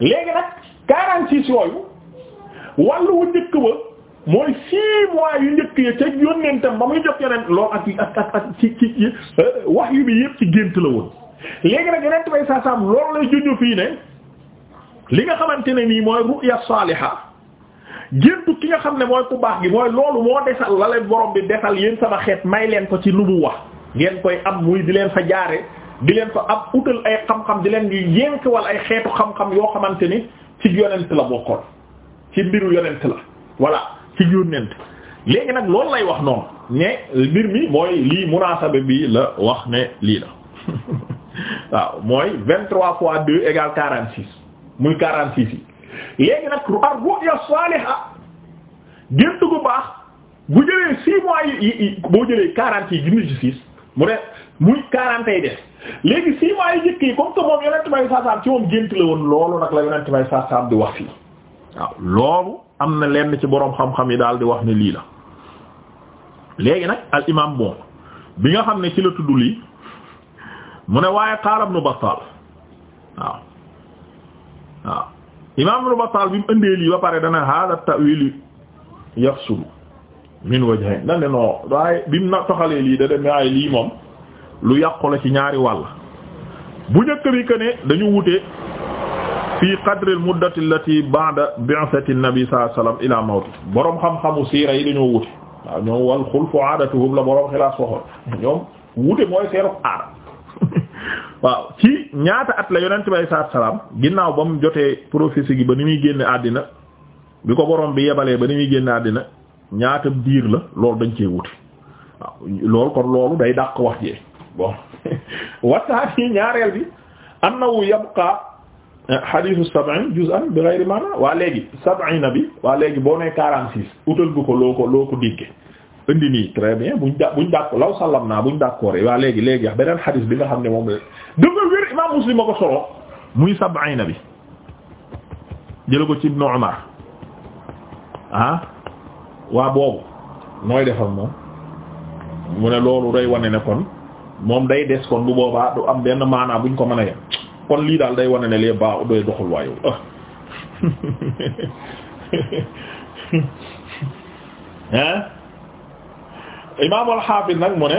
léegi nag quarante six yooyu wàllu wu njëkk ba mooy six mois yu njëkk ya ca yónnentam ba muy jot yonent loolu ak ak ak ak ci ci euh, wax yu bi yëpp ci gént la woon léegi nag yonent bay saa saam loolu lay junj fii ne li nga xamante ne nii mooy ru'ya saaliha géntu ki nga xam ne mooy ku baax gi mooy loolu moo desal la leen borom bi desal yéen sama xeet may leen ko ci lu mu wax ngeen koy am muy di leen fa jaare di leen fa ab utal ay xam-xam di leen yu yenk wala ay xeetu xam-xam yoo xamante ni ci yonent la bokkoon ci mbiru yonent la voilà ci yonent léegi nag loolu lay wax noonu ne mbir mi mooy lii munaasabe bi la wax ne lii la waaw mooy vingt-trois fois deux égale quarante-six muy quarante-six yi léegi nag ar-ru'ya saaliha gént gu baax bu jëlee six mois boo jëlee quarante yi junni ci mu ne muy quarante yi def léegi six mois yi yi comme que moom yonent bay saasaam ci moom gént la woon loolu nag la yonent bay saasaam di wax fii am na lenn ci boroom xam yi daal di wax ne lii la léegi nag al imam bon bi nga xam ne ci la tudd lii mu ne waaye qaala lu Battaal waaw waaw imam Ibnu Battaal bi mu ëndee lii ba pare dana hada ta'wil yafsulu min wajhayn dañ ne waaye bi mu na toxalee lii da dem waaye lii moom lu yàqu la ci ñaari wàll bu njëkk bi que ne dañu wute fi qadri al muddati allati ba'da bi'sati nabi sallallahu alayhi wasallam ila mawti boroom xam-xamu siira yi dañoo wute waaw ñoom wal xulfu aadatuhum la boroom xilaas waxoon ñoom wute mooy seeru aada waaw ci ñaata at la yonent bay sallallahu alayhi ginnaaw ba mu jotee prophétie gi ba ni muy génne àddina bi ko boroom bi yebalee ba ni muy génne àddina ñaata diir la loolu dañ cee wute waaw kon loolu day dàq wax jee bon waxtaan yi ñaareel bi annahu yabqa hadithu sab'in juz'an bi ghayri waa léegi sab'ina bi waa léegi boo nee quarante six utal bu ko loo ko loo ko digge indi nii très bien buñ da buñ dàq law sallam naa buñ d'accord waa léegi léegi beneen hadith bi nga xam ne moom la dafa wér imam muslim a ko solo muy sab'ina bi jëla ko ci ibnu umar ah waa boobu nooy defal moom mu ne loolu day wane ne kon moom day des kon bu boobaa du am benn maanaa buñ ko mën a yem kon lii daal day wane ne lee baax doy doxul waayu ah imaam al-Hafiz nag mu ne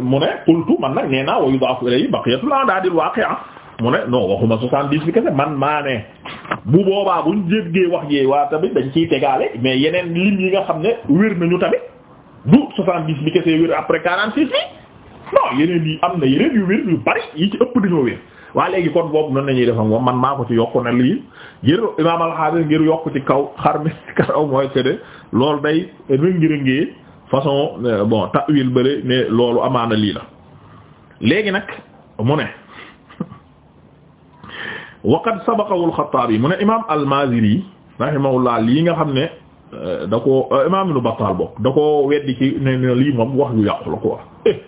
mu ne qultu man nag nee naa wa yudaafu ilayhi baqiyatul adaadil waaqi'a mu waxuma soixante-dix bi kese man maa bu boobaa buñ jéggee wax jee waa tamit dañ ciy tegaale mais yeneen lim yi nga xam ne wér nañu tamit du soixante-dix bi kese wér après quarante-six bi no yeneen yi am na yeneen yu wér yu bari yi ci ëpp dañoo wér waa léegi kon boobu nan nañuy def ak moom man maa ko ci yokku ne lii ngir imaam al ngir yokk ci kaw xar mi karaw mooy que ne loolu day rëngi-rëngee façon euh, bon ta'wil bële ne loolu amaana lii la léegi nag mu ne waqad sabaqahu al-Khattabi mu ne imaam al-Maziri nga xam ne euh, da ko euh, imaam Ibn Battal bokk da ko weddi ci ne lii moom wax yu yàqu la ko wax eh,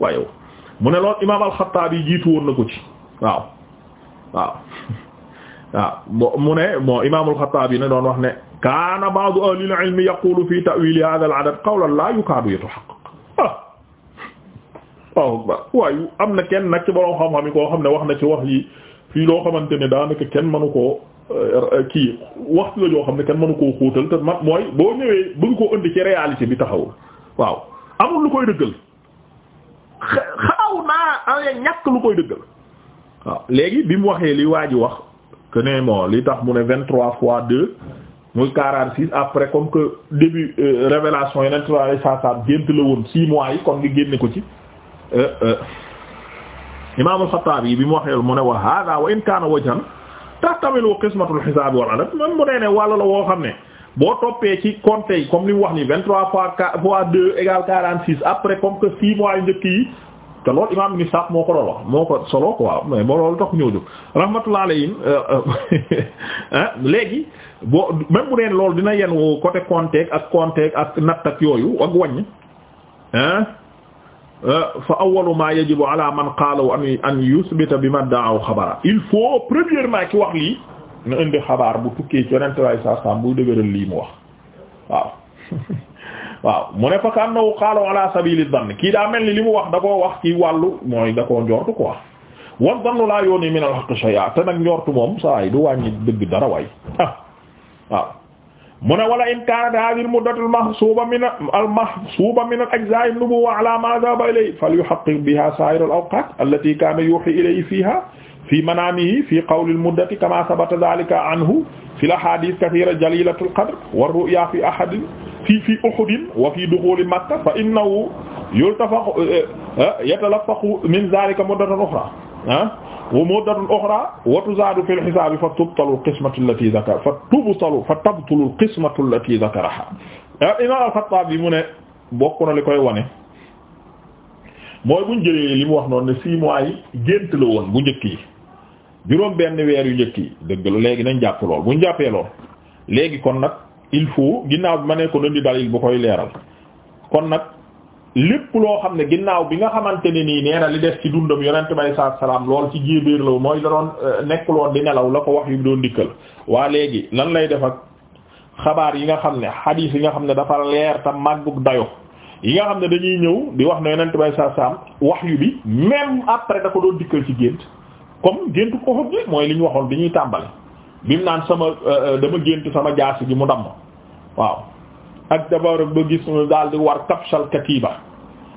waaye mu ne loolu imaam alxattaabi jiitu woon na ko ci waaw waaw waaw mu ne bon imaam alxattaabi ne doon wax ne kaana ba'du ahli al-ilmi yaqulu fi ta'wil hadha al-adad qawlan la yukaadu yatahaqqaq ah waaye am na kenn nag ci borom xam-xam yi koo xam ne wax na ci wax yi fii loo xamante ne daanaka kenn mënu koo eh, eh, kii waxtu la joo xam ne kenn mënu koo xóotal te ma mooy boo ñëwee bëgg koo indi ci réalité bi taxawul waaw amul lu koy dëggal xaw naa ah, ñàkk lu koy dëggal waaw léegi bi mu waxee li waa ji wax que ne moo li tax mu ne vingt trois fois deux muy quarante six après comme que début euh, révélation yi nent wala saa saa gént la woon six mois yi kon ngi génne ko ci euh, euh, Imaam al-Xattaabi bi mu waxee mu ne wa hada wa in kaana wajhan tahtamilu qismatul xisaab wal adab man mu nee ne wàll la woo xam ne boo toppee ci compter yi comme li mu wax ni vingt trois fois quatre fois deux égale quarante six après comme que six mois yu njëkk yi te loolu imaam ni sax moo ko doon wax moo ko solo quoi mais moo loolu tax ñëw jóg rahmatullah alayhim euh, euh, léegi boo même bu neen loolu dina yenn côté compter ak compter ak natt ak yooyu ak wàññ euh, fa awwalu ma yajibu ala man qaala an an yuthbita bi ma daaw xabara il faut premièrement ki wax lii na indi xabaar bu tukkee ci yonent waaye saa saam buy dëgëral lii mu wax waaw waaw mu ne fa ka annahu qaala ala sabili dhann kii daa mel ni li mu wax da koo wax ci wàllu mooy da koo njortu quoi wa dhannu laa yooni min al haqq shay'a te nag njortu moom saa yi du wàññi dëgg dara waay ah waaw mu ne wala in kaanat hadhihi al muddatu al mahsuba min al mahsuba min al ajza'i an nubuwwa ala ma dhaba ilay fal yuhaqqiq biha sa'ir al awqat allati kana yuhi ilay fiha fi manamihi fi qawlil muddati kama sabata dhalika anhu fi la hadith kathira jalilatul qadr wa ru'ya fi ahadin fi fi uhudin wa fi dukhuli makkah fa innahu yultafaqu eh, eh, yatalaffaqu min dhalika muddatan ukhra ah, wa muddatun ukhra wa tuzadu fil hisabi fa tubtalu qismatu allati dhakara fa tubtalu fa tabtulu qismatu allati dhakaraha eh, imam al-Khattabi mu ne bokk na li koy wane mooy buñ jëlee li mu wax noonu ne six mois yi gént la woon bu njëkk yi juróom benn weer yu njëkk yi dëgg léegi nañ jàpp lool buñ jàppee lool léegi kon nag il faut ginnaaw bi ma ne ko doon di dalil koy leeral kon nag lépp loo xam ne ginnaaw bi nga xamante ne nii nee na li des ci dundam yonent bay saa salaam lool ci jéebéer la mooy la doon euh, nekkuloon di nelaw la ko wax yu doon dikkal waa léegi lan lay def ak xabaar yi nga xam ne xadiis yi nga xam ne dafa leer te màggug dayo yi nga xam ne dañuy ñëw di wax ne yonent bay saa salaam wax yu bi même après da ko doon dikkal ci gént comme gént ko gi mooy li ñu waxoon bi ñuy tàmbale bi mu naan sama euh, euh, dama gént sama jaasi gi mu damm waaw ak dafa ba gis daal di war kapsal katiba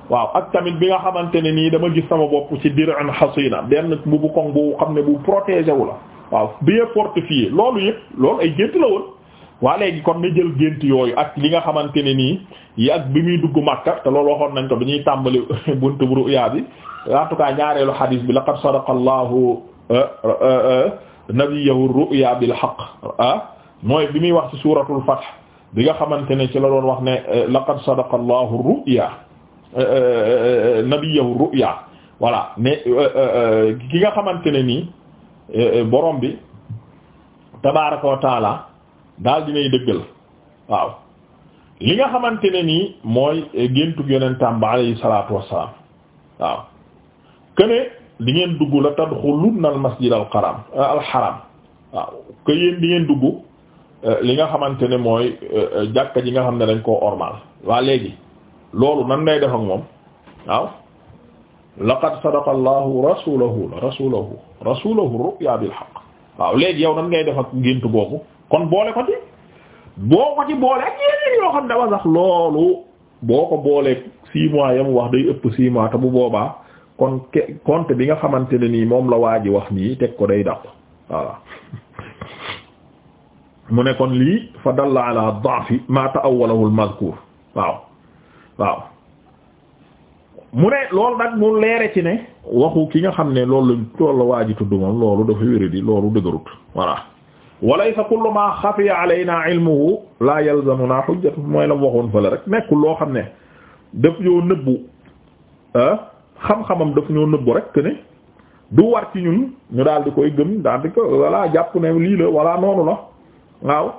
waaw ak tamit bi nga xamante ne nii dama gis sama bopp ci dir'an hasina benn bu bu bu xam ne bu protégé wu la waaw bien fortifié loolu yëpp loolu ay gént la woon waa léegi kon ni jël gént yooyu ak li nga xamante ne nii yi ak bi muy dugg Makka te loolu waxoon nañ ko bi ñuy tàmbali buntu bu ruyaa bi en tout cas ñaareelu xadis bi laqad sadaqa allahu euh, euh, euh, nabiyahu ru'ya bil haqq ah, mooy bi muy wax ci suuratul fath bi nga xamante ne ci la doon wax ne laqad sadaqa allahu ru'ya nabiyahu ru'ya voilà mais ki nga xamante ne nii borom bi tabaaraka wa taala daal dinay dëggal waaw li nga xamante ne nii mooy géntug yonentam ba alayhi salaatu wassalaam waaw këne di ngeen dugg la tadxulunna al masjid al xaram euh, al xaram waaw que yéen dugg euh, li nga xamante ne mooy euh, jàkka ji nga xam ne dañ koo ormal waa léegi loolu nan ngay def ak moom waaw laqad sadaqa allahu rasulahu la rasulahu rasulahu ru'ya bil haqq waaw léegi yow nan ngay def ak gént googu kon boole ko ci boo ko ci boole ak yeneen yoo xam ne dafa sax loolu boo ko boolee six mois wax day ëpp six te bu boobaa kon ke compte bi nga xamante ne nii moom la waa ji wax nii teg ko day dàq voilà mu ne kon lii fa dalla ala da'fi ma ta'awwalahu al-mazkur waaw waaw mu ne loolu nag mu leere ci ne waxu ki nga xam ne loolu loolu la waa ji tudd moom loolu dafa wéri di loolu dëgërut voilà walaysa kullu ma xafiya alayna ilmuhu la yalzamuna hujjatu mooy la waxoon fële rek nekkul loo xam ne daf yoo nëbbu ah, xam-xamam daf ñoo nëbbu rek que ne du war ci ñun ñu daal di koy gëm daal di ko voilà jàpp ne lii la voilà noonu la waaw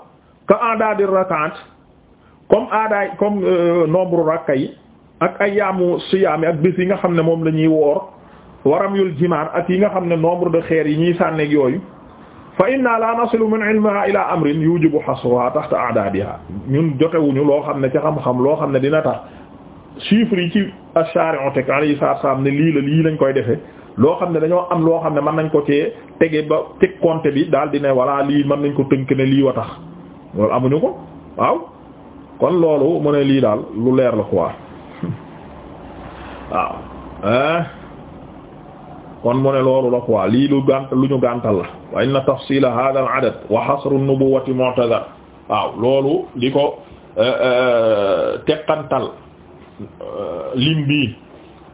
ka ada di comme aadaay comme euh, nombre rakka yi ak ay yaamu siyaam yi ak bés yi nga xam ne moom la ñuy woor waram yul jimaar ak yi nga xam ne nombre de xeer yi ñuy sànneeg yooyu fa inna la nasilu min ilmiha ila amrin yujibu hasruha tahta a'dadiha ñun jotewuñu loo xam ne ci xam-xam loo xam ne dina tax chiffres yi ci asharion teg alayhi salaam ne lii la lii lañ koy defee loo xam ne dañoo am loo xam ne mën nañ ko cee tege ba teg compte bi daal di ne voilà lii mën nañ ko tënk ne lii wa tax loolu amuñu ko waaw kon loolu mu ne lii daal lu leer la quoi waaw kon mu ne loolu la quoi lii lu gànt lu ñu gàntal la wa inna tafsila hadha al adad wa hasr an nubuwati mu'tazar waaw loolu di ko euh, euh, teqantal Euh, lim bi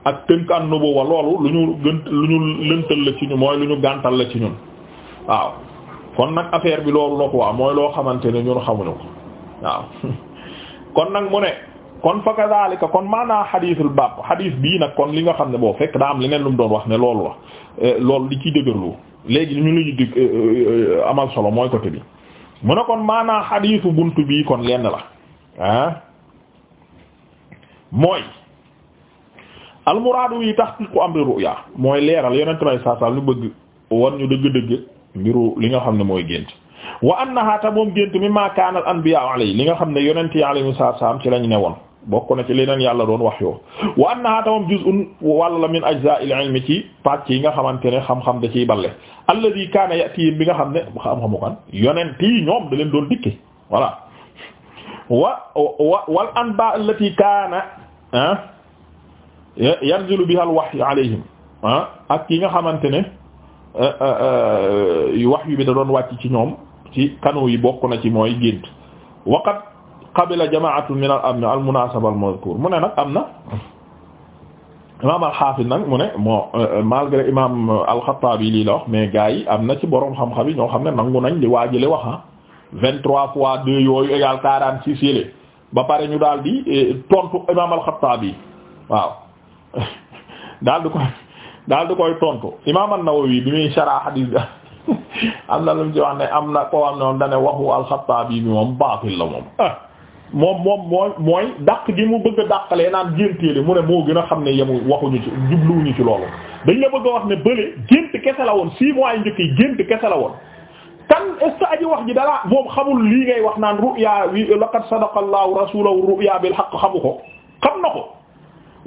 ak tënkaan nubuwa loolu lu ñu gën lu ñu lëntal la ci ñu mooy lu ñu gàntal la ci ñun waaw kon nag affaire bi loolu la quoi mooy loo xamante ne ñun xamuñu ko waaw kon nag mu ne kon fa kadhalika kon maanaa xadiisul baab xadiis bii nag kon li nga xam ne boo fekk daa am leneen lu mu doon wax ne loolu la eh, loolu li ciy dëgërlu léegi ñu lañu dig eh, eh, amal solo mooy côté bi mu ne kon maanaa xadiisu bunt bii kon lenn la ah. mooy almuraadu yi tahqiqu amri ru'ya mooy leeral yonent may saasal ñu bëgg wan ñu dëgg-dëgg mbiru li nga xam ne mooy gént wa annaha ta moom gént mi ma kaana al anbiyaa alayhi li nga xam ne yonent yi alayhimu salaam ci lañ ne woon bokk na ci leneen yàlla doon wax yoo wa annaha ta moom juz'un wàlla la min ajza'il ilmi ci pàcc yi nga xamante ne xam-xam da ci balle alladhi kaana ya'tihim bi nga xam ne xam-xamu kan yonent ñoom da leen doon dikke voilà wa wa wal anba allati kaana ah yanzilu biha al-wahyu alayhim ah ak yi nga xamante ne eh, eh, eh, wahyu bi da doon wàcc ci ñoom ci kanu yi bokk na ci mooy gént waqat qabila jamaatun min al na al-munasaba al-mazkur mu ne nag am na imam al-Hafiz nag mu ne moo malgré imam al-Khattabi lii la wax mais gars yi am na ci boroom xam-xam yi ñoo xam ne nangu nañ li waajile waxa ah, vingt-trois fois deux yooyu égal quarante-six yële ba pare ñu daal di eh, tontu imaam al-Xattaabi waaw daal koy daal di koy tontu imaam an-Nawawi bi muy sharh hadith bi am na lu mu ci wax ne am na koo am ne moom dane waxu al bi moom baatil la moom ah. moom mooy mooy gi mu bëgg a dàqalee naan génteeli mu ne moo gën a xam ne yemu waxuñu ci jubluwuñu ci loolu dañ la bëgg a wax ne bële gént kese la woon six mois yi njëkk yi gént kese la woon est a ji wax ji dalaa moom xamul lii ngay wax naan ru'ya laqad sadaqa allahu rasulahu ru'ya bil haqq xamu ko xam na ko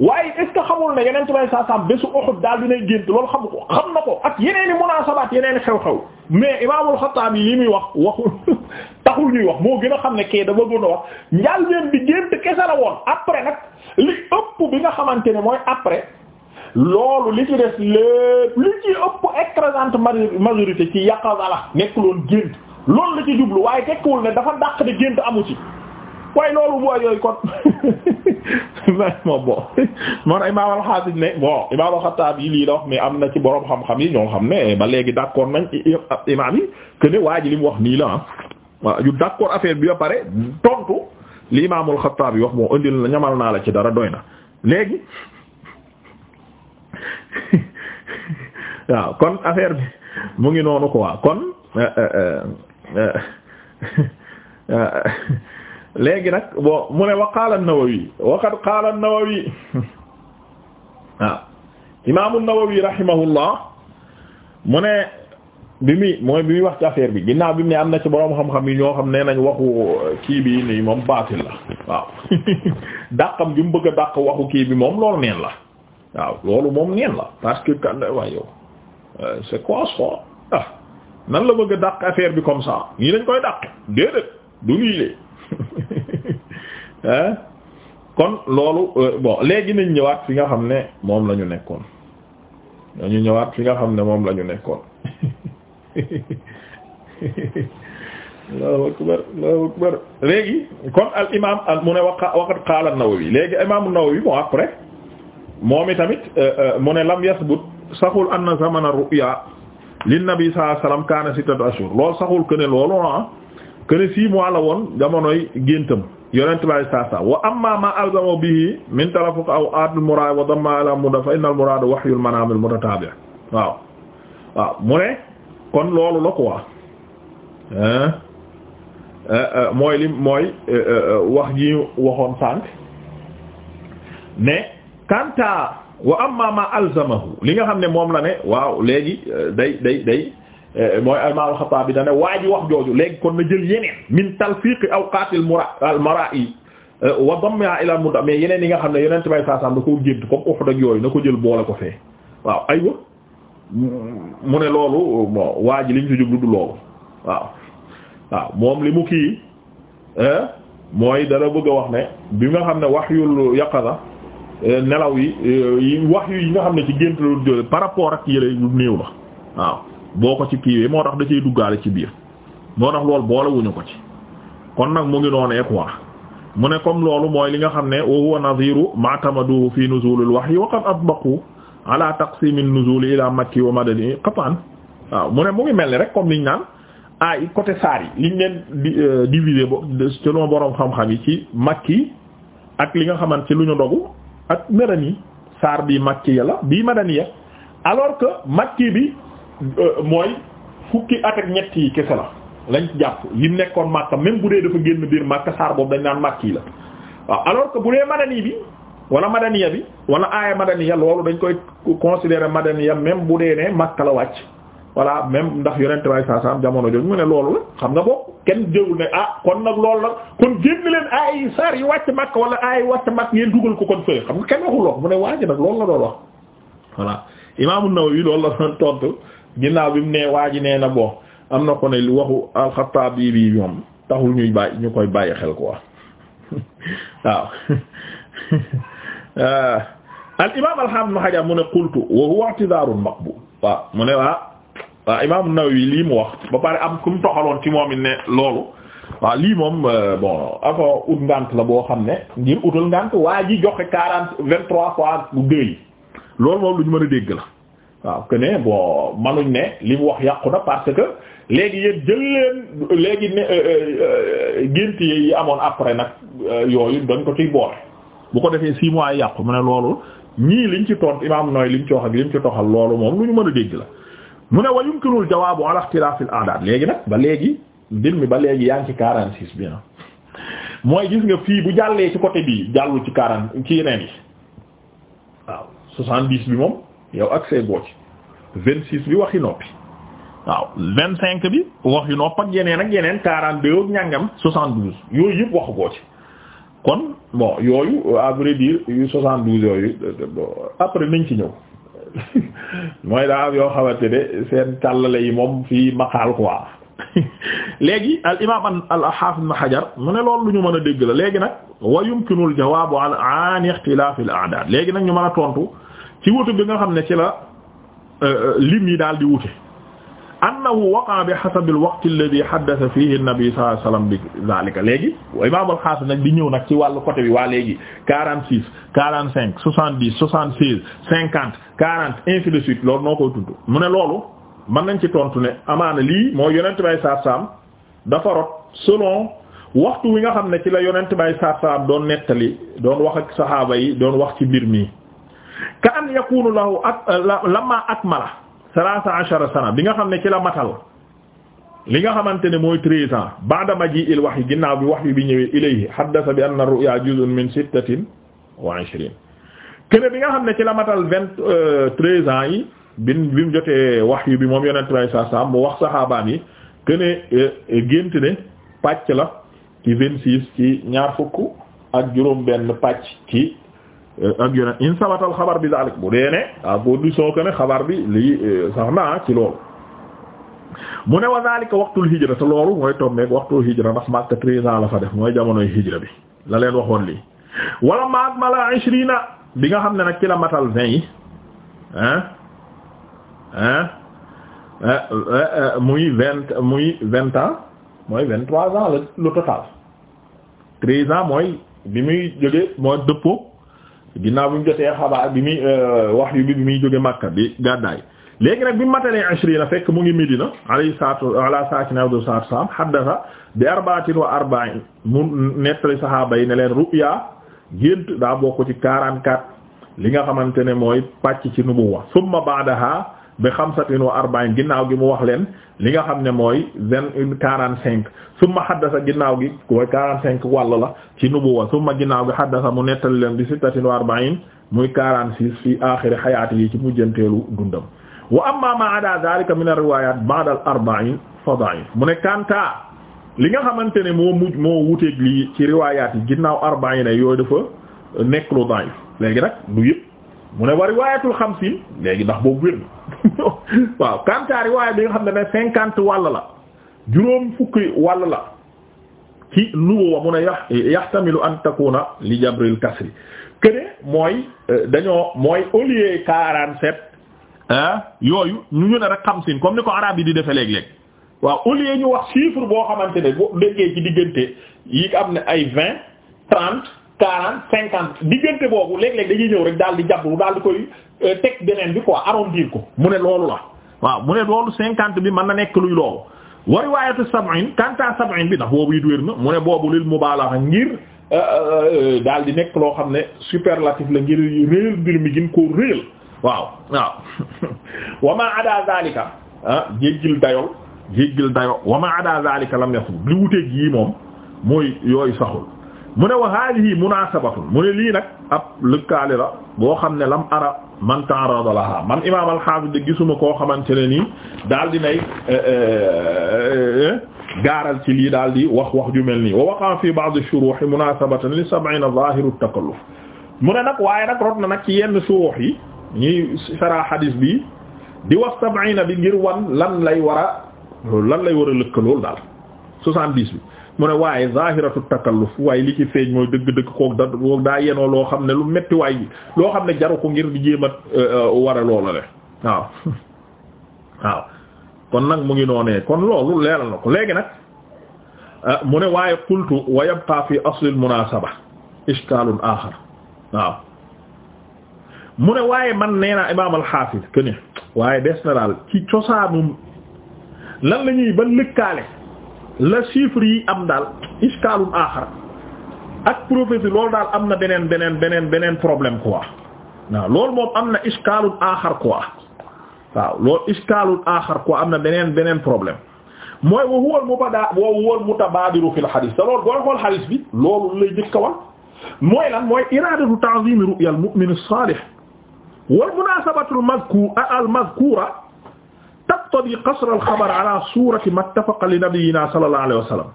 waaye est-ce que ne yeneen tubaab saa saam bésu Uhud daal ne gént loolu xamu ko xam na ko ak yeneeni munaasabaat yeneeni xew-xew mais Imaamul Xattaabi yi muy wax waxul taxul ñuy wax moo gën a xam ne kee dafa gën a wax njàlbeen bi gént kese la woon après nag li ëpp bi nga xamante ne mooy après loolu li ci des lépp li ci ëpp écrasante majorité ci yàqasa la nekkul woon gént loolu la ci jublu waaye tekkiwul ne dafa dàq de gént amu ci waaye loolu boo yooyu kon moom bon moon imaam al-Hafiz ne bon imaam al yi lii la wax mais am na ci borom xam-xam yi ñoo xam ne ba léegi d'accord nañ imaam yi que ne waa ji li mu wax nii la ah. waaw yu d'accord affaire bi ba pare tontu li imaamul Khattabi yi wax bon indil la ñamal naa la ci dara doy na léegi waaw kon affaire bi mu ngi noonu waaw kon euh, euh, euh, léegi nag bon mu ne wa qaala an-Nawawi wa qad qaala an-Nawawi waaw imaam an-Nawawi rahimahullah mu ne bi muy mooy bi muy wax ci affaire bi ginnaaw bi mu ne am na ci boroom xam-xam yi ñoo xam ne nañu waxu kii bi nii moom baatil la waaw dàqam bi mu bëgg a dàq waxu kii bi moom loolu neen la waaw loolu moom neen la parce que waaye yow euh, c'est quoi ça ah la bëgg a dàq affaire bi comme sax nii lañ koy dàq déedéet du lii lee kon loolu euh, bon léegi nañ ñëwaat fi nga xam ne moom la ñu nekkoon dañu ñëwaat fi nga xam ne moom la ñu nekkoon Allahu akbar Allahu akbar léegi kon al imam mu ne waqad qaala an-Nawawi léegi imam an-Nawawi bon après moom itamit euh, euh, mu ne lam yasbut saxul anna zamana ru'ya li nabi sallallahu alayhi wasallam kaana sittatu ashhur loolu saxul que ne loolu ah que ne six mois la woon jamonoy géntam yonent bi alayhi salaam wa amma ma alzama bihi min talafuq aw'atil muraad wa damma ala muda fa innal muraad wahyul manaam al mutataabi' waaw waaw mu ne kon loolu la quoi euh, mooy li mooy wax ji waxoon sànq mais. kanta wa amma ma alzamahu li nga xam ne moom la ne waaw léegi euh, day day day euh, mooy almaal Xattaabi da ne waa ji wax jooju léegi kon na jël yeneen min talfiq awqat al mara'i euh, wa dammiha ila al mudda yeneen yi nga xam ne yeneen bay saasam da ko gént ko Uhud ak yooyu na ko jël boole ko fee waaw aywa mu ne loolu bon waa ji li ñu si jublu du loolu waaw moom li mu kii mooy dara bëgg a wax ne bi nga xam ne wahyul yaqaza Euh, nelaw yi euh, yi wax yu yi nga xam ne ci gént la doon par rapport ak yële lu néew la waaw boo ko ci kiiwee moo tax da cay duggaale ci biir moo tax loolu boolewuñu ko ci kon nag mu ngi noonee quoi mu ne comme loolu mooy li nga xam ne wa huwa nadhiru ma tamadu fi nuzulil wahyi wa qad atbaqu ala taqsimi nuzul ila makki wa madani qatan waaw mu ne mu ngi mel ni rek comme liñ naan ay côté saar yi liñ leen di euh, diviser selon boroom xam-xam yi ci makki ak li nga xamante ci lu ñu dogu ak madani saar bi makkiya la bii madaniya alors que makki bi euh, mooy fukki at ak ñett yi kese la lañ jàpp yi nekkoon Makka même bu dee dafa génn biir Makka saar boobu dañ naan makki la waaw alors que bu dee madani bi wala madaniya bi wala aaya madaniya loolu dañ koy considérer madaniya même bu dee ne Makka la wàcc voilà même ndax yonent way saa saam jamono jooju mu ne loolu la xam nga boobu kenn jëwul ne ah kon nag loolu la kon génn leen ay sar yi wàcc mag wala ay wàcc mag ngeen dugal ko kon fële xam nga kenn waxul wax mu ne waaji nag loolu la doon na bon am ko ne lu waxu Al-Xattaabi bi ñoom koy bàyyi xel quoi waaw euh, al mu ne waa waaw Imaam Nawawi lii mu wax ba pare am ku mu toxaloon ci moom it ne loolu waaw lii moom euh, bon ako ut ngant la boo xam ne ngir utal ngant waa ji joxe quarante vingt trois fois bu yi loolu moom lu ñu mën a dégg la waaw que ne bon manuñ ne li mu wax yàqu na parce que léegi yéen jël leen léegi ne euh, euh, gént yi amoon après nag yooyu dañ ko ciy boole bu ko defee six mois yi yàqu mu ne loolu ñii liñ ci tont Imaam Nawawi liñ ci wax ak liñ ci toxal loolu moom ñu mën a dégg la mu ne wa yumkinul jawaabu ala ixtilaafil a'daad léegi nag ba léegi mbir mi ba léegi yaa ngi ci 46 bi na ah. mooy gis nga fii bu jàllee ci côté bi jàllul ci 40 ci yeneen yi waaw 70 bi moom yow ak see góor ci 26 bi waxi noppi waaw 25 bi waxi nopp ak yeneen ak yeneen 42 ak ñàngam 72 yooyu yëpp waxu góor kon bon yooyu à vrai dire yu 72 yooyu euh, euh, après nañ ci ñëw. mooy daa am yoo xamante ne seen tallale yi moom fii maqaal quoi léegi al imam al hafiz ibn hajar mu ne loolu lu ñu mën a dégg la léegi nag wa yumkinu al jawaab an ixtilaaf al a'dad léegi nag ñu mën a tontu ci wuute bi nga xam ne ci la euh, euh, lim yi daal di wuti annahu waqa'a bi hasabil waqti alladhi haddatha fihi an-nabi sallallahu alayhi wasallam bi zalika léegi imam al-Hasan nag di ñëw nag ci wàllu côté bi waa léegi 46 45 70 76 50 40 ainsi de suite loolu noo koy tudd mu ne loolu mën nañ ci tontu ne amaana lii mooy yonent bay saat saam dafa rot selon waxtu wi nga xam ne ci la yonent bay saat saam doon nettali doon wax ak saxaaba yi doon wax ci mbir mi ka an yakunu la ak lamma akmala salaasa ashara sana bi nga xam ne ci la matal li nga xamante ne mooy treize ans ba'da maji'il wahyi ginnaaw bi wahyi bi ñëwee ilayhi haddasa bi anna ru'ya juz'un min sittatin wa ishrin kene bi nga xam ne ci la matal vingt euh, treize ans yi bin bi mu jotee wahyi bi moom yonent bi saa saa mu wax saxaabaan yi kene euh, gént ne pàcc la ci vingt six ci ñaar fukk ak juróom benn pàcc ci Euh, ak yoneen in sabatal xabar bi daalik bu dee ne à condition que ne xabar bi lii euh, sax naa ci loolu mu ne wa daalika waxtul hijra te loolu mooy tombeeg waxtul hijra ndax Makka treize ans la fa def mooy jamonoy hijra bi la leen waxoon lii ma maat mala na bi nga xam ne nag ci la matal vingt yi hein hein euh, muy vingt muy vingt ans mooy vingt trois ans la total treize ans mooy bi muy jóge mooy dëppoo ginnaaw bi mu jotee xabaar bi muy euh, wax yu bi bi muy jóge Makka bi gàddaay léegi nag bi mu matalee ashrina fekk mu ngi Medina alayhi salaatu ala saakina abdou salatu salam haddasa bi arbaatin wa arba'in mu nettali sahaaba yi ne leen ru'ya gént daa bokk ci quarante-quatre li nga xamante ne mooy pàcc ci nubuwa summa ba'daha bi xamsatin wa arba'in ginnaaw gi mu wax leen li nga xam ne mooy vingt quarante cinq summa haddasa ginnaaw gi mooy quarante cinq wàll la ci nubuwa summa ginnaaw gi haddasa mu nettali leen bi sittatin wa arba'in muy quarante six fi aaxiri xayaati yi ci mujjanteelu dundam wa amma ma ada zalika min ar-riwayat ba'da al-arba'in fa mu ne kanta li nga xamante ne moo mujj moo wuteeg lii ci riwayat yi ginnaaw arba'in yooyu dafa nekk lu da'if léegi nag du yëpp mu ne wa riwayatul léegi ndax boobu waaw kantaar yi waaye bi nga xam ne na cinquante wàll la juróom fukk wàll la ci nubuwa mu ne yax yaxtamilu an takuna li jabril kasri këne mooy euh, dañoo mooy au lieu quarante yooyu ñu ñu ne rek xamsin comme ni ko arabe yi di defee léeg-léeg waaw au lieu ñu wax chiffre boo xamante ne boo déggee ci diggante yi am na ay vingt trente quarante cinquante diggante boobu léeg-léeg dañuy ñëw rek daal di jàpp daal di koy euh, teg beneen bi ko quoi arrondir ko mu ne loolu la waaw mu ne loolu cinquante bi man na nekk luy loolu wa riwaayatu sab'in kanta sab'in bi ndax boobu it wér na mu ne boobu lil mubaalaxa ngir euh, euh, daal di nekk loo xam ne superlatif la ngir réel mbir mi gën koo waaw waaw wa ada zalika ah, jéggil dayol jéggil dayo wa ma ada zalika lam yasub li wuteeg yii moom mooy yooyu saxul mu ne wa hadihi munasabatun mu ne lii nag ab lëkkaali la boo xam ne lam ara man ta'arada laha man imam al-hafiz de gisuma koo xamante ne nii daal di nay eh, eh, eh, gaaral ci lii daal di wax wax ju mel nii wa waqa fi ba'd ash-shuruh munasabatan li sab'ina zahiru at-takalluf mu ne nag waaye nag rot na nag ci yenn shuruh yi ñuy sara hadis bi di wax sab'ina bi ngir wan lan lay war a lan lay war a lëkkalool daal soixante-dix bi mu ne waaye zahiratu takalluf waaye li ci feeñ mooy dëgg-dëgg kook da kook daa yenoo loo xam ne lu metti waay loo xam ne jaru ko ngir di jéem a euh, euh, le waaw waaw kon nag mu ngi noonee kon loolu leeral na ko léegi nag euh, mu ne waaye qultu wa yabqa fi asli al munasaba ishkalun axar waaw mu ne waaye man nee naa imaam al waaye des na daal ci cosaanum lan la ñuy ba lëkkaale la chiffre yi am daal iskaalum aaxar ak prophétie loolu daal am na beneen beneen beneen beneen problème quoi waaw loolu moom am na iskaalum aaxar quoi waaw loolu iskaalum aaxar quoi am na beneen beneen problème mooy wa huwa mubtada wa huwa mutabaadiru fil xadis te loolu booy xool xadis bi loolu lay njëkk a wax mooy lan mooy iraadatu ta'ziimi ru'yal mu'min as-saalih wal munaasabatul mazkuura al mazkuura yaqtadi qasr al-xabar ala suurati ma ittafaqa li nabiyyina sallallahu alayhi wa sallam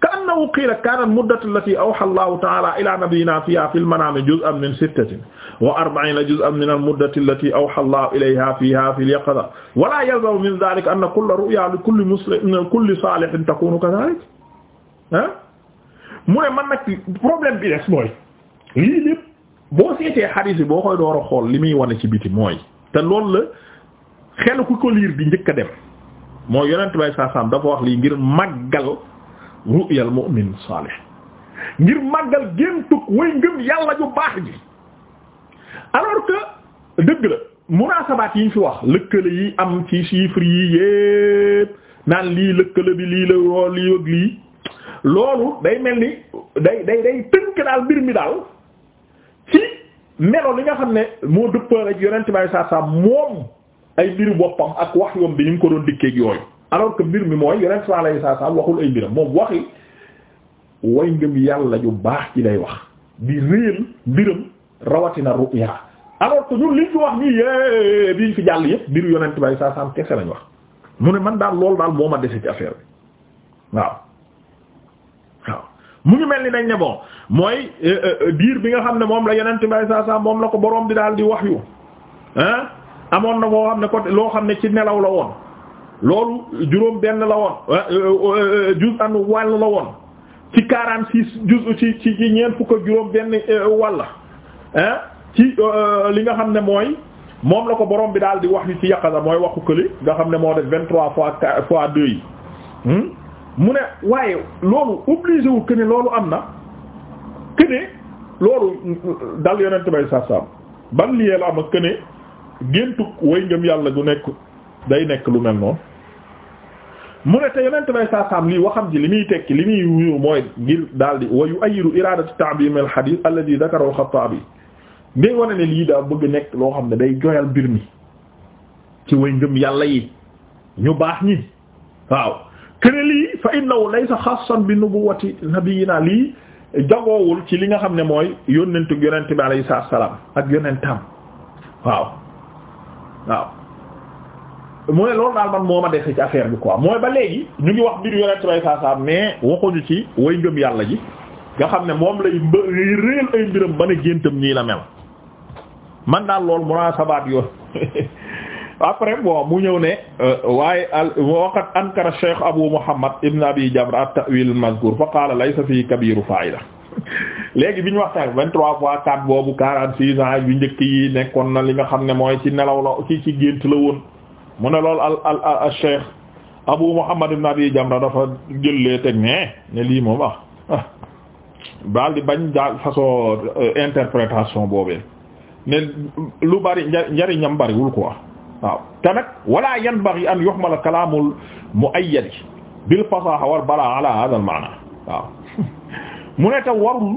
ka'annahu qiila kaanat muddatu allatii awhaa Allahu ta'aalaa ilaa nabiyyinaa fiihaa fil manaami juz'an min sittatin wa arba'iina juz'an min al-muddati allatii awhaa Allahu ilayhaa fiihaa fil yaqaza wa laa yalzamu min zaalika anna kulla ru'yaa li kulli muslimin kulli saalihin takuunu kazaalika ah mu ne man nag problème bi des mooy lii lépp boo seetee xadiis bi boo koy door a xool li muy wane ci biti mooy te loolu la. xel ku ko liir di njëkk a dem moo yonent bay saasaam dafa wax lii ngir màggal ru'yal mu'min salih ngir màggal géntug way ngëm yàlla ju baax ji alors que dëgg la munaasabaat yi ñu fi wax lëkkale yi am ci chiffres yi yépp naan lii lëkkale bi lii la lool lii ak lii loolu day mel ni day day tënk daal mbir mi daal ci melo li nga xam ne moo dëppale ak yonent bay saasaam moom ay mbiru boppam ak wax yoom bi ni mu ko doon dikkee ak yooyu alors que mbir mi mooy yonent sallallahu alayhi wasallam waxul ay mbiram moom waxi way ngëm yàlla ju baax ci lay wax di réel mbiram rawatina ru'ya alors que ñun wax nii fi jàll yëpp mbiru yonent bi kese lañ wax mu man daal moo ma dese ci affaire ngi mel ni dañ mooy euh, euh, diir bi nga xam ne moom la yonent bi moom la ko boroom di daal di wax yu ah amoon na boo xam ne côté loo xam ne ci nelaw la woon loolu juróom benn la woon euh, euh, euh, juz an wàll la woon ci quarante six juz ci ci ci ñeent fukk ak juróom benn wàll ah ci li nga xam ne mooy moom la ko borom bi daal di wax yu ci yaqasa mooy waxu kële nga xam ne moo de vingt trois fois fois deux yi hmm? mu ne waaye loolu obligé wu que loolu am na que ne loolu dal yonent bay saab saab ban liyee la am ak que géntu way ngëm yàlla gu nekk day nekk lu mel noonu mu ne te yonent bay saasaam lii waxam ji li muy tekki li muy wuyu mooy ngir daal di wa yu ayiru iradatu ta'bim al hadith alladhi dhakara al Khattabi ngay daa bëgg nekk loo xam ne day joyal biir mi ci way ngëm yàlla yi ñu baax ñi waaw kene lii fa innahu laysa xasan bi nubuwati nabiyina lii jagoowul ci li nga xam ne mooy yónnentu yonent bi alayhi salaam ak yonentam waaw waaw mooy ne daal man moo ma defee ci affaire bi quoi mooy ba léegi ñu ngi wax mbir yonent bay saasaam mais waxuñu ci way ngëm yàlla ji nga xam ne moom lay mba réel ay mbiram ba ne géntam ñii la mel man daal loolu munaasabaat yoon après bon mu ñëw ne euh, waaye al waqat ankara Cheikh Abu Muhammad ibn Abi Jamra at mazkur fa qala laysa fi kabiru fa'ila léegi bi ñu waxtaan vingt-trois fois quatre boobu quarante-six ans yu njëkk yi nekkoon na li nga xam ne mooy ci nelaw la ci ci gént la woon mu ne loolu al al al cheikh Abu Muhammad ibn Abi Jamra dafa jëlee teg ne lii moom ah, ah daal di bañ daal façon euh, interprétation boobee ne lu bari njariñam bariwul quoi waaw te nag wala yanbaghi an yuhmal kalaamul mu'ayyad bil fasaha wal balagha ala hadha al ma'na waaw mu ne te warul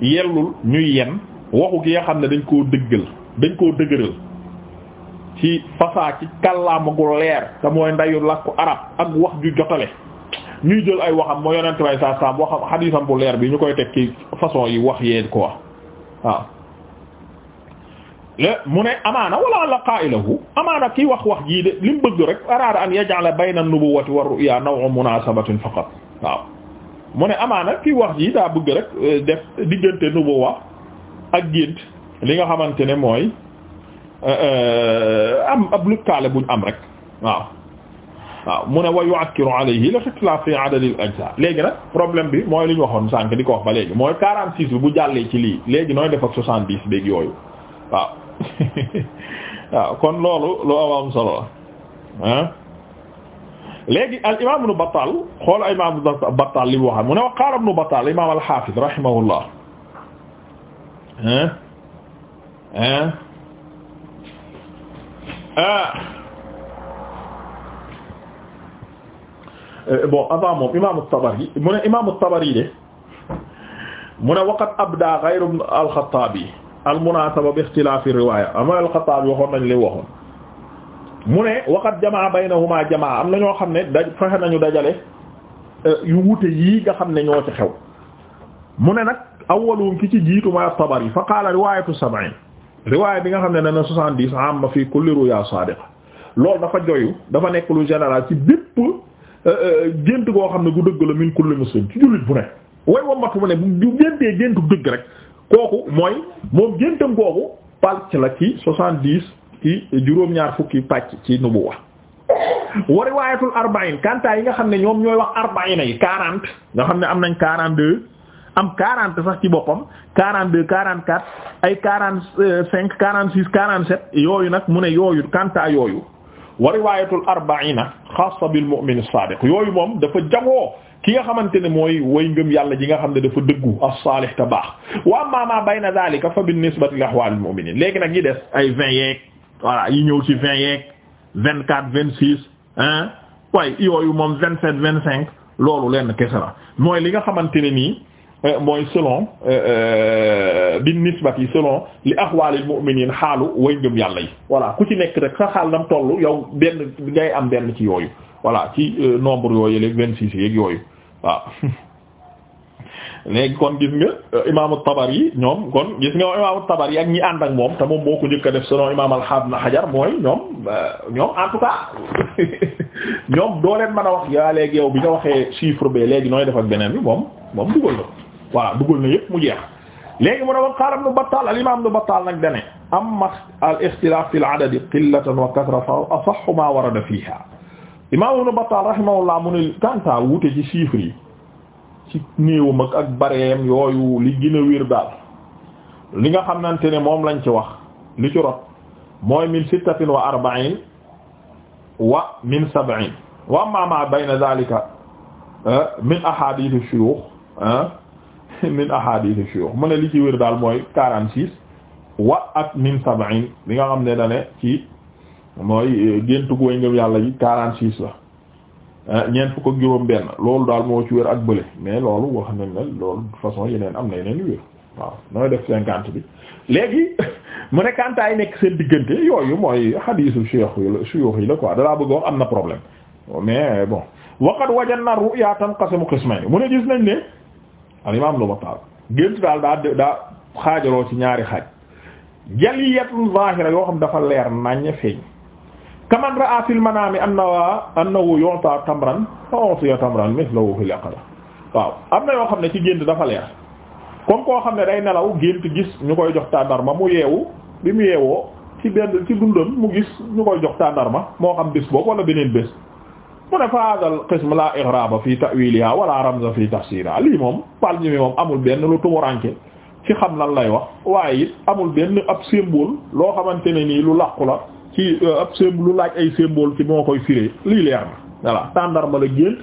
yellul ñuy yen waxu gi nga xam ne dañ koo dëggal dañ koo dëgëral ci fasaa ci kàllaama gu leer te mooy ndayu làkku arab ak wax ju jotale ñuy jël ay waxam moo yonent bay saa saam waxam xadiisam bu leer bi ñu koy teg façon yi wax yee ko wax waaw le mu ne amaana wala la qaa'ilahu amaana kii wax wax jii de li mu bëgg rek araada an yaj'ala bayna an-nubuwwati war-ru'ya naw'un munaasabatin faqat waaw mu ne amaana kii wax ji daa bëgg rek euh, def diggante nubuwa ak gént li nga xamante ne mooy euh, euh, am ab lëkkaale buñ am rek waaw waaw mu ne wa yu'akkiru alayhi la ixtilaaf fi adad al ajza léegi rek problème bi mooy li ñu waxoon sànq di ko wax ba léegi mooy 46 bi bu jàllee ci lii léegi nooy def ak 70 beeg yooyu waaw waaw kon loolu lu am am solo ah. léegi al imaam ibnu Battaal xool al imaam Battaal li mu wax mu ne wa qaala ibnu Battaal imaam al haafiz rahimahullah hein hein bon avant moom imaamu Tabari mu ne imaamu Tabari de mu ne waqad abdaa ghayru al-Xattaabi al-munaasaba bi ixtilaafi riwaaya amaa al-Xattaabi waxoon nañ li waxoon mu ne waqat jamaa bay na baynahuma jamaa am na ñoo xam ne daj fexe nañu dajale euh, yu wute yii nga xam ne ñoo ci xew mu ne nag awwaluhum ki ci jiitu ma at-Tabari fa qaala riwaayatu sab'in riwaaya bi nga xam ne nee na soixante-dix amma fi kulli ruya sadiqa loolu dafa joyu dafa nekk lu général ci bépp euh, euh, gént goo xam ne gu dëgg la min kulli muslim ci jullit bu ne way wamatu mu ne bu géntee géntu dëgg rek kooku mooy moom géntam kooku pal ci la ci soixante-dix ci juróom-ñaar fukki pàcc ci nubuwa wa riwaayatul arba'in kanta yi nga xam ne ñoom ñooy wax arba'in yi quarante nga xam ne am nañ quarante deux am quarante sax ci boppam quarante deux quarante quatre ay quarante cinq quarante six quarante sept yooyu nag mu ne yooyu kanta yooyu wa riwaayatul arba'ina xaasa bil mu'min as-saadiq yooyu moom dafa jagoo ki nga xamante ne mooy way ngëm yàlla ji nga xam ne dafa dëggu as-saalih te baax wa amma ma bayna daalika fa bin nisbati li léegi nag ñi des ay vingt voilà yi ñëw ci vingt yeeg vingt quatre vingt six hein waaye yooyu moom vingt sept vingt cinq loolu lenn kese la mooy li nga xamante ne nii euh, mooy selon euh, euh, bi nisbat yi selon li axwaalil mu'miniin xaalu way ngëm yàlla yi voilà ku ci nekk rek sa xaal nam toll yow benn ngay am benn ci yooyu voilà ci nombre yooyu léeg vingt six yeeg yooyu waaw léegi kon gis nga euh, imaamu Tabari ñoom kon gis nga imaamu Tabari ak ñi ànd ak moom te moom moo ko njëkk a def selon imaam al-Hafiz Hajar mooy ñoom euh, ñoom en ñoom doo leen a wax yaa léegi yow bi nga waxee chiffre bi léegi nooy def ak beneen bi moom moom dugal na voilà dugal na yëpp mu jeex. léegi mu ne wa qaala Ibn Battaal al-imaam Ibn Battaal nag dane amma al-ixtilaaf fil adadi qillatan wa kasra fa asahhu maa warada fiihaa imaam Ibn Battaal rahimahullah mu ne tant à wuute ci chiffre yi. ci néewam ak ak bareem yooyu li gën a daal li nga xamante ne moom lañ ci wax li ci rot mooy min sittatin wa arba'in wa min sab'in wa amma ma bayna dhalika eh, min ahadith shuyukh eh, min ahadith shuyukh mu ne li ci wér daal mooy quarante six wa ak min sab'in li nga xam ne dane ci mooy eh, géntug way ngëm yàlla yi quarante six la Eh, ñeent fukk ak juróom benn loolu daal moo ci wér ak bële mais loolu wax nañ la loolu façon yeneen am na yeneen yu wér waaw nooy def cinquante bi léegi mu ne kantaay nekk seen diggante yooyu mooy xadiisu cheikh yi la cheikh yi la dalaa bëgg wax am na problème mais bon waqad wajanna ru'ya tanqasimu qismayn mu ne gis nañ ne al imam lu baxtaal gént daal daa daa xaajaloo ci ñaari xaaj jaliyatun zahira yoo xam dafa leer naññ feeñ kaman ra'a fil manami annawa annahu yu'ta tamran fa utiya tamran mithluhu fil aqla waaw am na yoo xam ne ci gént dafa leer comme koo xam ne day nelaw gént gis ñu koy jox tàndarma mu yeewu bi mu yeewoo ci benn ci dundam mu gis ñu koy jox tàndarma moo xam bés boobu wala beneen bés mu ne fa hadha al qism la fi ta'wiliha wala ramza fi tafsiriha lii moom pal ñi mi moom amul benn lu tumuranke ci xam lan lay wax waaye it amul benn ab symbole loo xamante ne nii lu làqu la ci euh, lu laaj ay symbole ci moo koy firé lii leer na voilà tàndarma la génn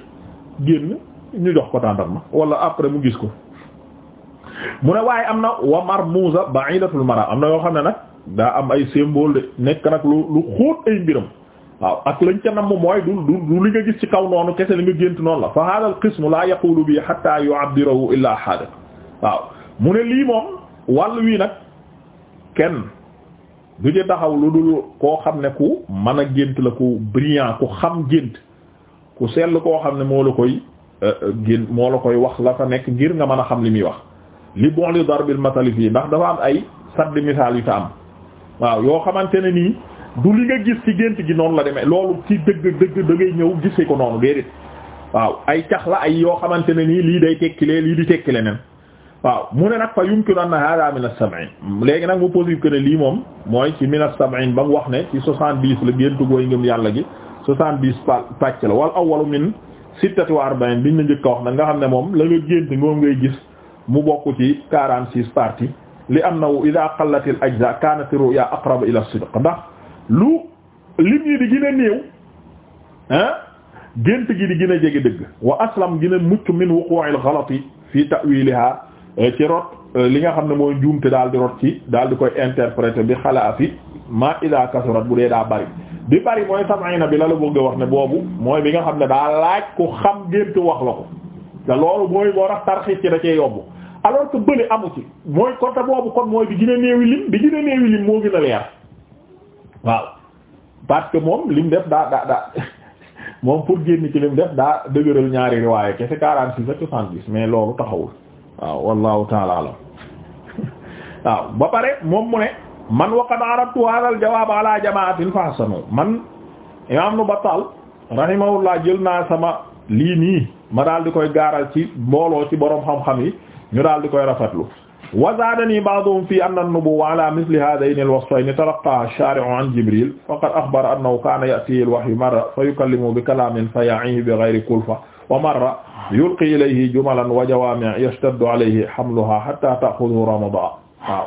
génn ñu jox ko tàndarma wala après mu gis ko mu ne waaye am na wa marmuza ba'idatul mara am na yoo xam ne nag daa ay symbole de nekk nag lu lu xóot ay mbiram waaw ak lañ ca namm mooy du li nga gis ci kaw noonu kese li nga gént noonu la fa hada al qismu la yaqulu bi hatta yu'abbirahu illa hadith waaw mu ne lii moom wàll wii nag kenn du ci taxaw lu dul koo xam ne ku man a gént la ku brillant ku xam gént ku sell koo xam ne moo la koy euh, euh, gént moo la koy wax la fa nekk ngir nga mën a xam li muy wax li bon li darbil matali fii ndax dafa am ay sadd misaal yu ta am waaw yoo xamante ne nii du li nga gis ci gént gi noonu la demee loolu ci dëgg dëgg da ñëw gisee ko noonu déedéet waaw ay cax la ay yoo xamante ne nii lii day tekki lee lii di tekki leneen waaw mu ne nag fa yumkinu anna hada min as-sab'in léegi nag mu positif que ne lii moom mooy ci min as-sab'in ba mu wax ne ci soixante dix la géntu gooy ngëm yàlla gi soixante dix pàcc la wal awwalu min sittati wa arba'in biñ la njëkk a wax nag nga xam ne moom la nga gént moom ngay gis mu bokk ci quarante six parties li annahu idha qallatil ajza kanat ru'ya aqrab ila as-sidq ndax lu lim yi di gën a néew ah gént gi di gën a jege dëgg wa aslam gën a mucc min wuqu'il ghalati fi ta'wiliha Euh, ci rot euh, li nga xam ne mooy njuumte daal di rot ci daal di koy interpréter bi xalaa fi ma ida kasurat bu dee daa bari bi bari mooy samay na bi la la bëgg wax ne boobu mooy bi nga xam ne daa laaj ko xam gént wax la ko te loolu mooy boo tax tarxiis ci da cee yobbu alors que bële amu ci mooy côté boobu kon mooy bi gën a néewi lim bi gën a néewi lim moo gën a leer waaw parce que moom lim def daa daa daa moom pour génn ci lim def daa dëgëral ñaari riwaaye kese quarante-six ak soixante mais loolu taxawul waaw wallahu taala alam waaw ba pare moom mu ne man waqad aradtu hadha al jawab ala jama'atin fa hasanu man imam nu batal rahimahullah jël naa sama lii nii ma daal di koy gaaral ci mbooloo ci boroom xam-xam yi ñu daal di koy rafetlu wa zaadanii ba'duhum fii anna an-nubuwwa ala mithli haadayni al-wasfayni talaqqahaa ash-shaari'u an jibril faqad axbara annahu kaana ya'tiihi al-wahyu marra fa yukallimuhu bi kalaamin fa ya'iihi bi ghayri kulfa wa marra yulqi ilayhi jumalan wa jawaami' yashtaddu alayhi hamluha hatta ta'khudhu ramadan waaw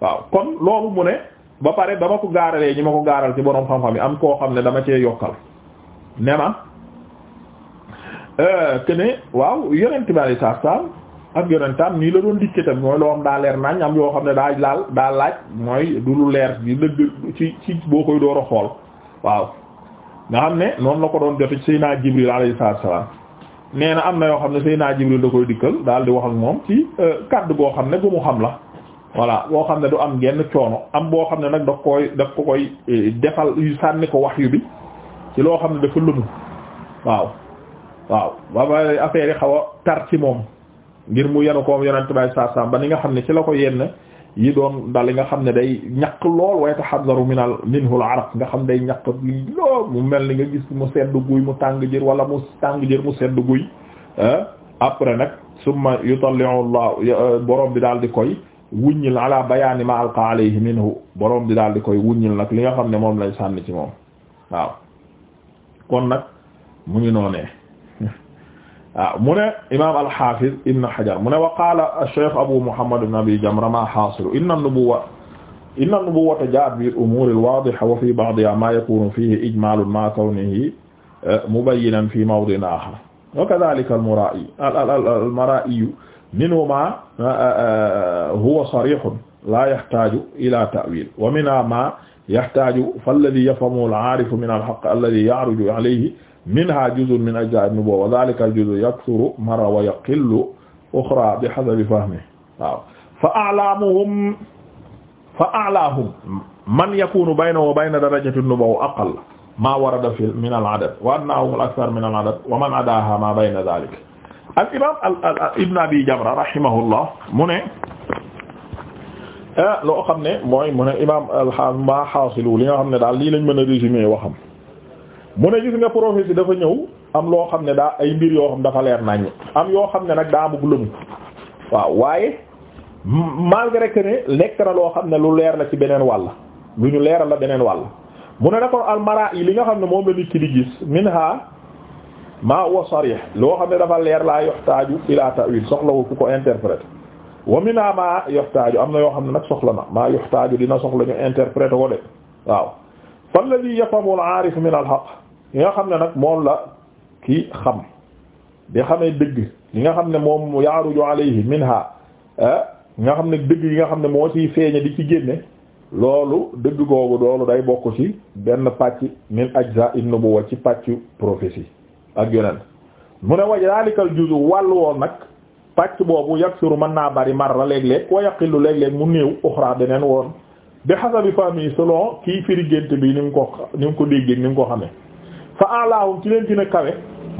waaw kon loolu mu ne ba pare dama ko gaaralee ñi ma ko gaaral ci borom xam-xam yi am koo xam ne dama cee yokkal ne ma euh, que ne waaw yonent bi alayhi salaam ak yonentam nii la doon dikke tam mooy loo am daa leer nañ am yoo xam ne daa laal daa laaj mooy du lu leer di dëgg ci ci boo koy door xool waaw nga xam ne noonu la ko doon jot ci Seydina Jibril alayhi salaam nee na am na yoo xam ne Seydina Jibril da koy dikkal daal di wax ak moom ci euh, kaddu goo xam ne bu mu xam la voilà boo xam ne du am genn coono am boo xam ne nag daf koy daf ko koy euh, defal sànni ko wax yu bi ci loo xam ne dafa lëmu waaw waaw ba ba affaire yi xaw a tar ci moom ngir mu yenu koom yonent bay saar saam ba ni nga xam ne ci la ko yenn yi doon dal li nga xam ne day ñaq lool way tahaddaru minal minhul araq nga xam day ñaq li lool mu mel ni nga gis mu sedd guy mu tàng jër wala mu tàng jër mu sedd guy après nag summa yutalli'u Allah euh, borom bi daal di koy wuññil ala bayaani ma alqa alayhi minhu borom bi daal di koy wuññil nag li nga xam ne moom lay sànni ci moom waaw kon nag mu ngi noonee waaw ah, mu ne imaam al-Hafiz Ibn Hajar mu ne wa qaala Cheikh Abu Muhammad ibn Abi Jamra ma haasilu inna an-nubuwwa inna an-nubuwwata jaa'at bil umuuril waadiha wa fii ba'dihaa maa yakuunu fiihi ijmaalun ma'a kawnihi eh, mubayyinan fii mawdi'in aakhar wa kadhaalika al-maraa'i al-maraa'i minhu maa eh, eh, huwa sariihun laa yahtaaju ilaa ta'wiil wa minhaa maa yahtaaju fal-lazii yafhamuhu al-'aarifu mina al-haqqi alladhii ya'ruju 'alayhi minha juz'un min ajza' ibn Buwa wa dhalika al-juz'u yakthuru marra wa yaqillu ukhra bi hasabi fahmi waaw fa a'lamuhum fa a'lahum man yakunu baynahu wa bayna darajati an-nubuwwa aqall ma warada fi min al-'adad wa adnahum al-akthar min al-'adad wa man adaha ma bayna dhalik al-imam ibn abi jamra rahimahullah mu ne eh, loo xam ne mooy mu ne imam al-hafiz ma hasilu li nga xam ne daal lii lañ mën a résumer waxam mu ne gis nga prophétie dafa ñëw am loo xam ne daa ay mbir yoo xam dafa leer naññ am yoo xam ne nag daa bëgg lëmu waaw waaye malgré que ne nekk na loo xam ne lu leer la ci beneen wàll lu ñu leeral la beneen wàll mu ne d'accord almara yi li nga xam ne moom la nit ki di gis minha ma huwa sarih loo xam ne dafa leer laa yoxtaaju ila ta'wil soxlawul ku ko interpréter wa minha ma yoxtaaju am na yoo xam ne nag soxla na maa yoxtaaju dina soxla ñu interpréter ko de waaw fa alladhi yafhamu al-'arif min al li nga xam ne nag moom la ki xam di xamee dëgg li nga xam ne moom yaaruju alayhi minha eh, nga xam ne dëgg yi nga xam ne moo ciy feeñe di ci génne loolu dëgg googu doolu day bokk ci benn pàcc min ajza an-nubuwwa ci pàccu prophétie ak yonent mu ne waj daalikal juzu wàll woon nag pàcc boobu yaksuru mën naa bari la léeg-léeg wa yaqilu léeg-léeg mu néew uxra beneen woon bi hasabi fahmi selon kii firi gént bi ni mu ko ni mu ko déggee ni mu ko xamee fa alaahum ci leen gën a kawe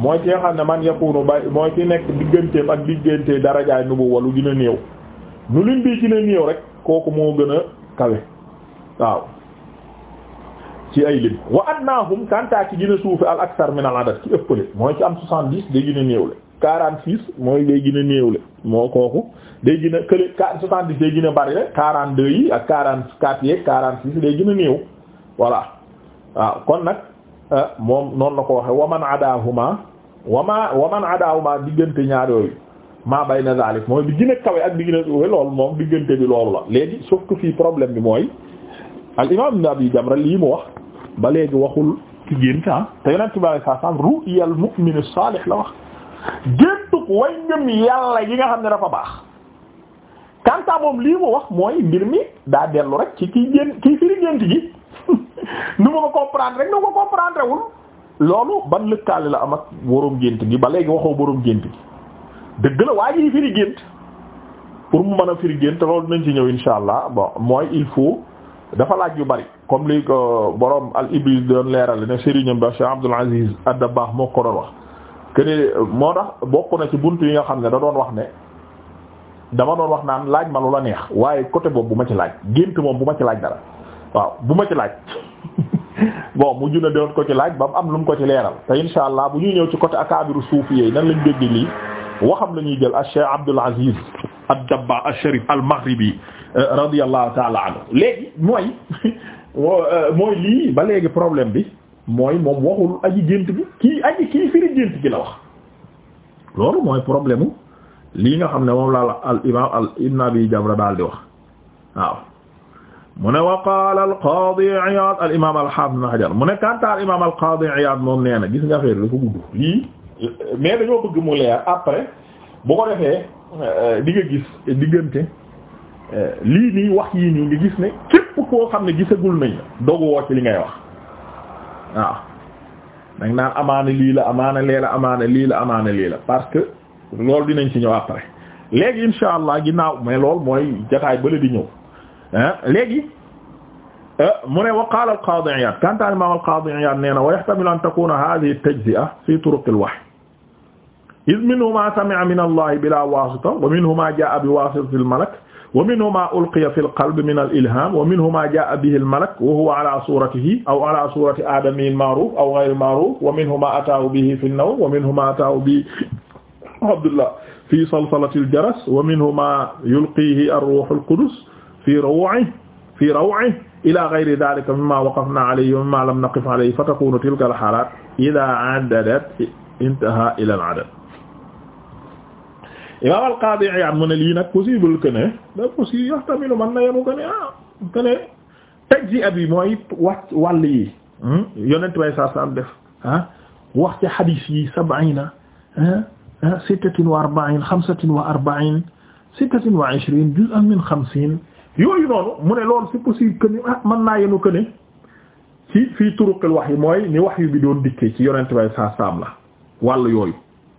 mooy ci xam ne man yakunu bay mooy ci nekk digganteem ak diggante darajaay nubu walu gën a néew nu lim bii gën a néew rek kooku moo gën a kawe waaw ci ay lim wa adnaahum kantaa ci gën a al aksar min al adad ci ëppale mooy ci am soixante-dix day gën néew le quarante-six mooy day gën a néew le moo kooku day gën a kële soixante-dix day gën bari le quarante-deux yi ak quarante-quatre yeeg quarante-six day Eh, moom noonu la ko waxe waman adahuma wama waman adahuma diggante ñaar yooyu maa bay na zalik mooy bi gën a kawe ak bi gën a loolu moom diggante bi loolu la léegi sauf que fii problème bi mooy al imam ibn abi jamra lii mu wax ba léegi waxul ki gént ah te yonent bi sallallahu alayhi wa sallam ru'yal mu'min salih la wax géntug way ngëm yàlla yi nga xam ne dafa baax kanta moom lii mu wax mooy mbir mi daa dellu rek ci kii génn gi nu ma ko ko comprendre loolu ban lëkkaali la am ak boroom gént gi ba léegi waxoo boroom gént gi dëgg la waa ji firi gént pour mu mën a firi gént loolu dinañ ci ñëw insha allah bon mooy il faut dafa laaj yu bari comme li ko boroom al iblis doon leerale ne sëriñam ba Cheikh Abdul Aziz Ad-Dabbaax moo ko doon wax kene moo tax bokk na ci bunt yi nga xam ne dadoon wax ne dama doon wax naan laaj ma lu la neex waaye côté boobu bu ma ci laaj gént moom bu ma ci laaj dara waaw bu ma ci laaj bon mujj na doot ko ci laaj ba mu am lu mu ko ci leeral te insha allah bu ñuy ñëw ci côté akaabiru suufi yi nan lañ dégg lii waxam la ñuy jël al Cheikh Abdul Aziz ad-Dabba al-Sharif al-Maghribi euh, radiyallahu ta'ala anhu léegi mooy euh, mooy lii ba léegi problème bi mooy moom waxul aji gént bi kii aji kii firi gént gi la wax loolu mooy problème lii nga xam ne moom la al imaam al ibn abi daal di wax waaw mu ne wa qaala al-qaadi Iyaad al-imaam al-haafiz ibn mu ne kanta al-imaam al-qaadi Iyaad moom nee na gis nga affaire dafa gudd lii mais dañoo bëgg mu leer après bu ko defee euh, di nga gis diggante euh, lii nii wax yii nii ngi gis ne képp koo xam ne gisagul nañ dogu woo ci li ngay wax waaw nag naan amaana lii la amaana lee la amaana lii la amaana lii la parce que loolu dinañ ci ñëw après léegi insha allah ginnaaw mais loolu mooy jataay bële di ñëw léegi euh, mu ne wa qaala al-qaadi Iyaad kanta al-imaam al-qaadi Iyaad nee na wa yahtamilu an takuuna haadihi at-tajzi'a fii turuqil wahyi iz minhu maa sami'a min Allahi bilaa waasita wa minhu maa jaa'a bi waasitatil malak wa minhu maa ulqiya fil qalbi min al-ilhaam wa minhu maa jaa'a bihil malak wa huwa alaa suuratihi aw alaa suurati aadamiyyin ma'ruuf aw ghayril ma'ruuf wa minhu maa ataahu bihi fin nawm wa minhu maa ataahu bihi Abdullah fii salsalatil jaras wa minhu maa yulqiihi ar-ruuhul qudus fii rawi fii rawi ila gayri dalika mimma waqafna alayhi wa mimma lam naqif alayhi fa takunu tilka al halat ida adadat intaha ila al adad imam al qadi Iyad mu ne lii nag possible que ne da possible yahtamilu mën na yemu que ne ah que ne taj ji ab yi mooy wax wàll yi hmm? yonent way sa sam def ah wax ci hadis yi sab'ina ah, ah, sittatin wa arba'in xamsatin wa arba'in sittatin wa ishrine juz'an min xamsin yooyu noonu mu ne loolu c'est possible que ni ah man naa yenu que ne ci fii turuqil wax yi mooy ni wax yu bi doon dikkee ci yonent bay saa la wàll yooyu